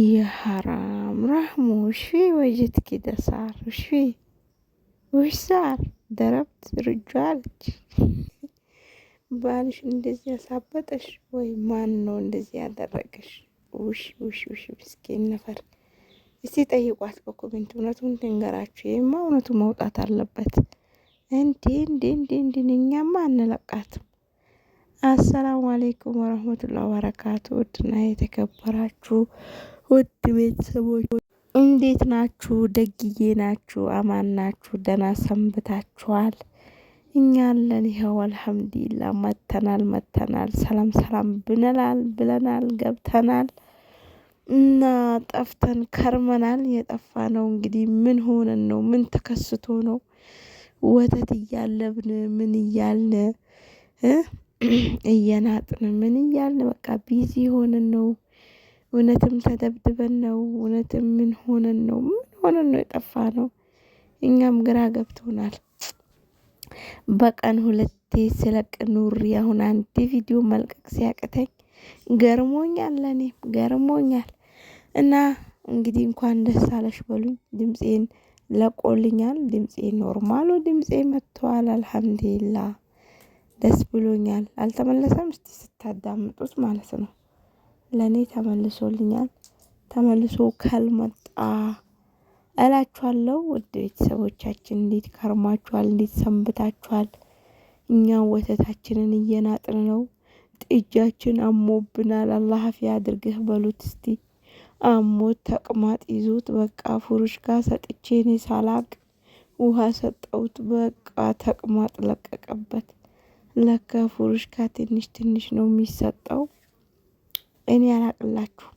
يا حرام رحمه وش فيه وجهك كده صار وش فيه وش صار ضربت رجالች ባልሽ እንደዚህ ያሳበጠሽ ወይ ማን ነው እንደዚህ ያደረገሽ ውሽ ውሽ ውሽ ምስኪን ነፈር እስቲ ጠይቋት በኮሜንት እውነቱን ትንገራችሁ ይህማ እውነቱ መውጣት አለበት እንዴ እንዴ እንዴ እንዴ እኛማ አንለቃትም አሰላሙ አሌይኩም ወረህመቱላ ወበረካቱ ውድና የተከበራችሁ ውድ ቤተሰቦች እንዴት ናችሁ? ደግዬ ናችሁ? አማን ናችሁ? ደህና ሰንብታችኋል? እኛ አለን ይኸው አልሐምዱሊላ። መተናል መተናል ሰላም ሰላም ብንላል ብለናል ገብተናል እና ጠፍተን ከርመናል። የጠፋ ነው እንግዲህ ምን ሆነን ነው? ምን ተከስቶ ነው? ወተት እያለብን ምን እያልን እየናጥን ምን እያልን በቃ ቢዚ ሆነን ነው እውነትም ተደብድበን ነው? እውነትም ምን ሆነን ነው? ምን ሆነን ነው የጠፋ ነው? እኛም ግራ ገብቶናል። በቀን ሁለቴ ስለቅ ኑሪ። አሁን አንድ ቪዲዮ መልቀቅ ሲያቅተኝ ገርሞኛል፣ ለእኔም ገርሞኛል። እና እንግዲህ እንኳን ደስ አለሽ በሉኝ። ድምፄን ለቆልኛል። ድምፄ ኖርማሉ ድምፄ መጥተዋል። አልሐምዱሊላ ደስ ብሎኛል። አልተመለሰም። እስቲ ስታዳምጡት ማለት ነው። ለእኔ ተመልሶልኛል። ተመልሶ ከልመጣ እላችኋለሁ። ውድ ቤተሰቦቻችን እንዴት ከርማችኋል? እንዴት ሰንብታችኋል? እኛ ወተታችንን እየናጥን ነው። ጥጃችን አሞብናል። አላህ አፊያ አድርግህ በሉት እስቲ። አሞት ተቅማጥ ይዞት በቃ ፉሩሽ ጋር ሰጥቼ እኔ ሳላቅ ውሃ ሰጠውት። በቃ ተቅማጥ ለቀቀበት። ለካ ፉሩሽ ጋር ትንሽ ትንሽ ነው የሚሰጠው። እኔ አላቅላችሁ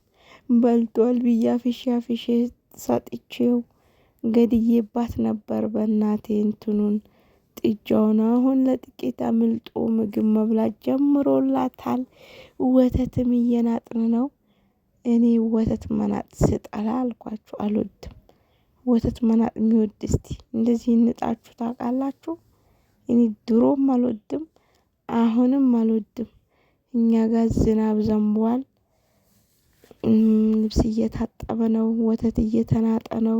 በልቷል ብዬ አፍሼ አፍሼ ሰጥቼው ገድዬባት ነበር። በእናቴ እንትኑን ጥጃውን አሁን ለጥቂት አምልጦ ምግብ መብላት ጀምሮላታል። ወተትም እየናጥን ነው። እኔ ወተት መናጥ ስጠላ አልኳችሁ፣ አልወድም። ወተት መናጥ የሚወድ እስቲ እንደዚህ እንጣችሁ ታውቃላችሁ? እኔ ድሮም አልወድም፣ አሁንም አልወድም። እኛ ጋር ዝናብ ዘንቧል። ልብስ እየታጠበ ነው፣ ወተት እየተናጠ ነው።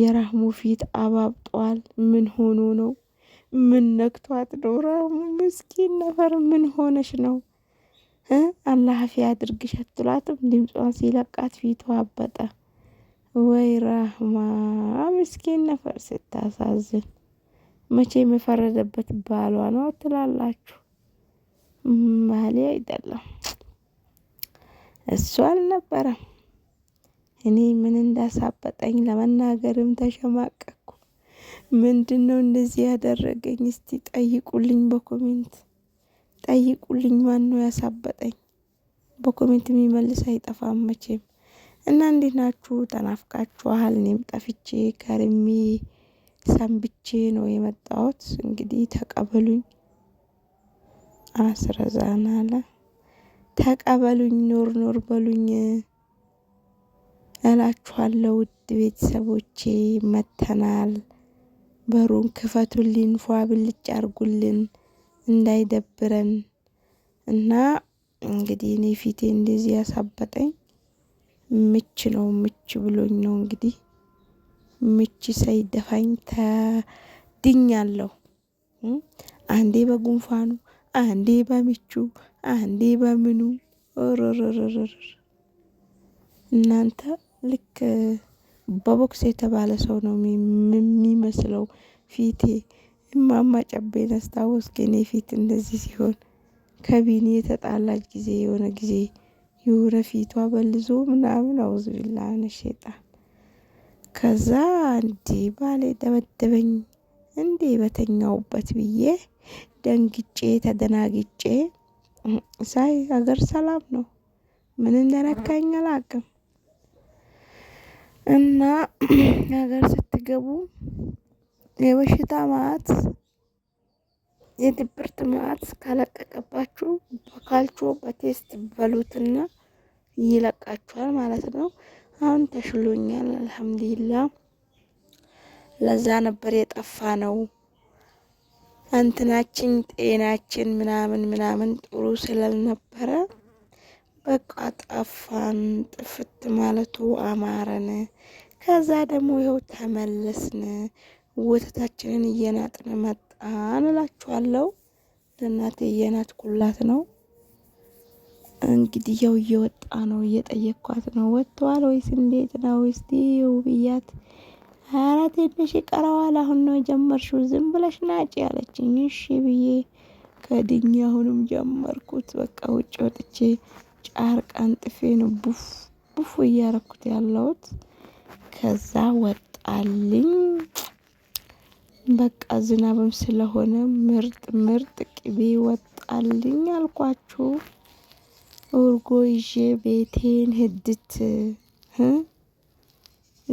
የራህሙ ፊት አባብጧል። ምን ሆኖ ነው? ምን ነክቷት ነው? ራህሙ ምስኪን ነፈር ምን ሆነሽ ነው? አላህ ፊ አድርግሽ አትሏትም? ድምጿን ሲለቃት ፊቱ አበጠ። ወይ ራህማ ምስኪን ነፈር ስታሳዝን። መቼ የመፈረደበት ባሏ ነው ትላላችሁ? ባሌ አይደለም። እሱ አልነበረም። እኔ ምን እንዳሳበጠኝ ለመናገርም ተሸማቀቅኩ። ምንድነው እንደዚህ ያደረገኝ? እስቲ ጠይቁልኝ፣ በኮሜንት ጠይቁልኝ። ማን ነው ያሳበጠኝ? በኮሜንት የሚመልስ አይጠፋም መቼም። እና እንዴት ናችሁ? ተናፍቃችኋል። እኔም ጠፍቼ ከርሜ ሰንብቼ ነው የመጣሁት። እንግዲህ ተቀበሉኝ። አስረዛናለ ተቀበሉኝ፣ ኖር ኖር በሉኝ እላችኋለሁ። ውድ ቤተሰቦቼ መተናል። በሩን ክፈቱልን፣ ፏ ብልጭ አርጉልን፣ እንዳይደብረን እና እንግዲህ እኔ ፊቴ እንደዚህ ያሳበጠኝ ምች ነው። ምች ብሎኝ ነው እንግዲህ ምች ሳይደፋኝ ተድኛለሁ። አንዴ በጉንፋኑ አንዴ በምቹ አንዴ በምኑ ኦሮሮሮሮሮ እናንተ ልክ በቦክስ የተባለ ሰው ነው የሚመስለው ፊቴ። እማማ ጨቤ አስታወስክ? የኔ ፊት እንደዚህ ሲሆን ከቢኒ የተጣላች ጊዜ የሆነ ጊዜ የሆነ ፊቷ በልዞ ምናምን አውዝ ቢላ ሸጣን። ከዛ እንዴ ባሌ ደበደበኝ እንዴ በተኛውበት ብዬ ደንግጬ ተደናግጬ ሳይ ሀገር ሰላም ነው። ምን እንደነካኝ አላውቅም። እና ሀገር ስትገቡ የበሽታ ማት የድብርት ማት ካለቀቀባችሁ በካልቾ በቴስት በሉትና ይለቃችኋል ማለት ነው። አሁን ተሽሎኛል አልሐምዱሊላ። ለዛ ነበር የጠፋ ነው እንትናችን ጤናችን ምናምን ምናምን ጥሩ ስላልነበረ በቃ ጠፋን። ጥፍት ማለቱ አማረን። ከዛ ደግሞ ይኸው ተመለስን፣ ወተታችንን እየናጥን መጣን እላችኋለሁ። ለእናቴ ኩላት ነው እንግዲህ ያው እየወጣ ነው። እየጠየቅኳት ነው ወጥተዋል ወይስ እንዴት ነው እስቲ ብያት ኧረ ትንሽ ይቀረዋል፣ አሁን ነው የጀመርሽው፣ ዝም ብለሽ ናጭ ያለችኝ። እሺ ብዬ ከድኛ አሁንም ጀመርኩት። በቃ ውጭ ወጥቼ ጫርቃን ጥፌ ነው ቡፍ ቡፍ እያረኩት ያለሁት። ከዛ ወጣልኝ። በቃ ዝናብም ስለሆነ ምርጥ ምርጥ ቅቤ ወጣልኝ አልኳችሁ። እርጎ ይዤ ቤቴን ህድት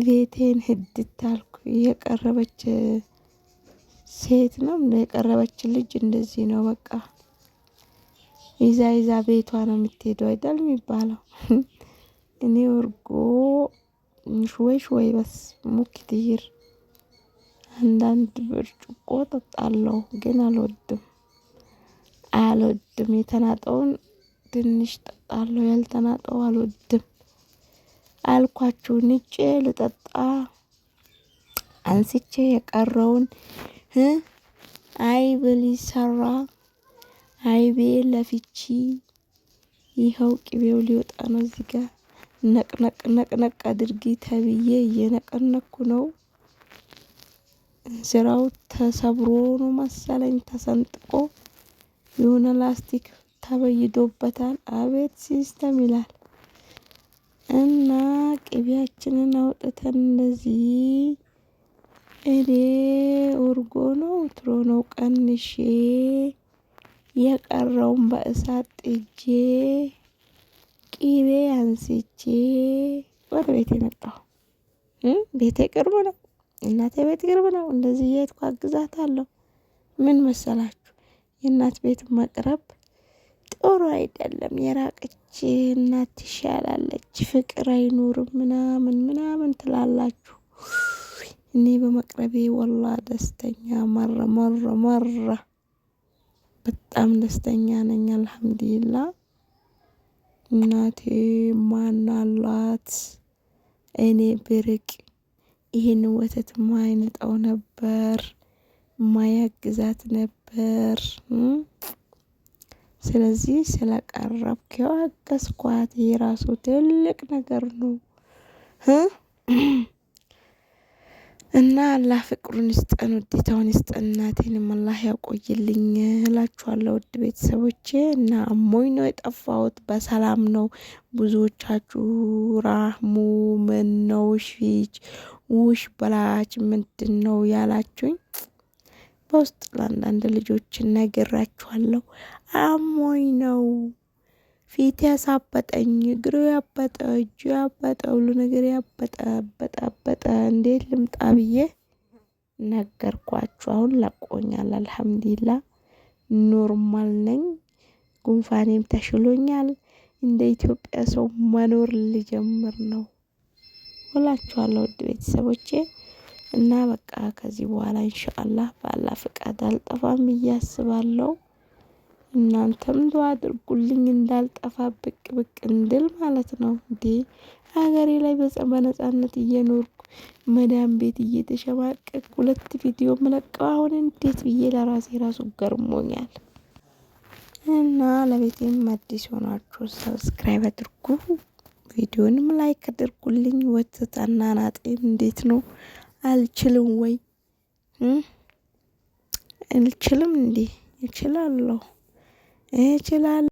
ቤቴን ህድት አልኩ። የቀረበች ሴት ነው የቀረበች ልጅ እንደዚህ ነው በቃ ይዛ ይዛ ቤቷ ነው የምትሄደው አይደል የሚባለው። እኔ ወርጎ ሽወይ ሽወይ በስ ሙክትይር አንዳንድ ብርጭቆ ጠጣለሁ፣ ግን አልወድም አልወድም። የተናጠውን ትንሽ ጠጣለሁ፣ ያልተናጠው አልወድም። አልኳችሁ ንጬ ልጠጣ አንስቼ የቀረውን አይብ ሊሰራ አይቤ ለፍቺ ይኸው ቅቤው ሊወጣ ነው። እዚህ ጋ ነቅነቅ ነቅነቅ አድርጊ ተብዬ እየነቀነኩ ነው። እንስራው ተሰብሮ ነው መሰለኝ ተሰንጥቆ የሆነ ላስቲክ ተበይዶበታል። አቤት ሲስተም ይላል። እና ቅቤያችንን አውጥተን እንደዚህ እኔ እርጎ ነው ትሮ ነው ቀንሼ የቀረውን በእሳት ጥጄ ቂቤ አንስቼ ወደ ቤት የመጣሁ። ቤቴ ቅርብ ነው፣ እናቴ ቤት ቅርብ ነው። እንደዚህ እየሄድኩ አለው። ምን መሰላችሁ የእናት ቤት መቅረብ ጥሩ አይደለም፣ የራቀች እናት ትሻላለች፣ ፍቅር አይኖርም ምናምን ምናምን ትላላችሁ። እኔ በመቅረቤ ወላ ደስተኛ መረ መረ መረ በጣም ደስተኛ ነኝ። አልሐምዱሊላ እናቴ ማናላት እኔ ብርቅ ይህን ወተት ማይነጠው ነበር ማያግዛት ነበር። ስለዚህ ስለቀረብከው አገዝኳት። ይህ ራሱ ትልቅ ነገር ነው እና አላህ ፍቅሩን ይስጠን፣ ውዴታውን ይስጠን። እናቴንም አላህ ያቆይልኝ እላችኋለሁ ውድ ቤተሰቦቼ። እና አሞኝ ነው የጠፋሁት፣ በሰላም ነው። ብዙዎቻችሁ ራህሙ ምን ነው ውሽ ውሽ በላች ምንድን ነው ያላችሁኝ በውስጥ ለአንዳንድ ልጆችን ነግራችኋለሁ። አሞኝ ነው ፊት ያሳበጠኝ፣ እግሩ ያበጠ፣ እጁ ያበጠ፣ ሁሉ ነገር ያበጠ አበጠ አበጠ፣ እንዴት ልምጣ ብዬ ነገርኳችሁ። አሁን ለቆኛል፣ አልሐምዲላ ኖርማል ነኝ። ጉንፋኔም ተሽሎኛል። እንደ ኢትዮጵያ ሰው መኖር ልጀምር ነው ሁላችኋለሁ ውድ ቤተሰቦቼ። እና በቃ ከዚህ በኋላ ኢንሻአላህ በአላህ ፍቃድ አልጠፋም እያስባለው። እናንተም ዱአ አድርጉልኝ እንዳልጠፋ ብቅ ብቅ እንድል ማለት ነው። እንዴ ሀገሬ ላይ በነጻነት እየኖርኩ መዳም ቤት እየተሸማቀቅ ሁለት ቪዲዮ ምለቀው አሁን እንዴት ብዬ ለራሴ ራሱ ገርሞኛል። እና ለቤቴም አዲስ ሆናችሁ ሰብስክራይብ አድርጉ፣ ቪዲዮንም ላይክ አድርጉልኝ። ወተት አናናጤ እንዴት ነው? አልችልም ወይ? አልችልም እንዴ? እችላለሁ እችላለሁ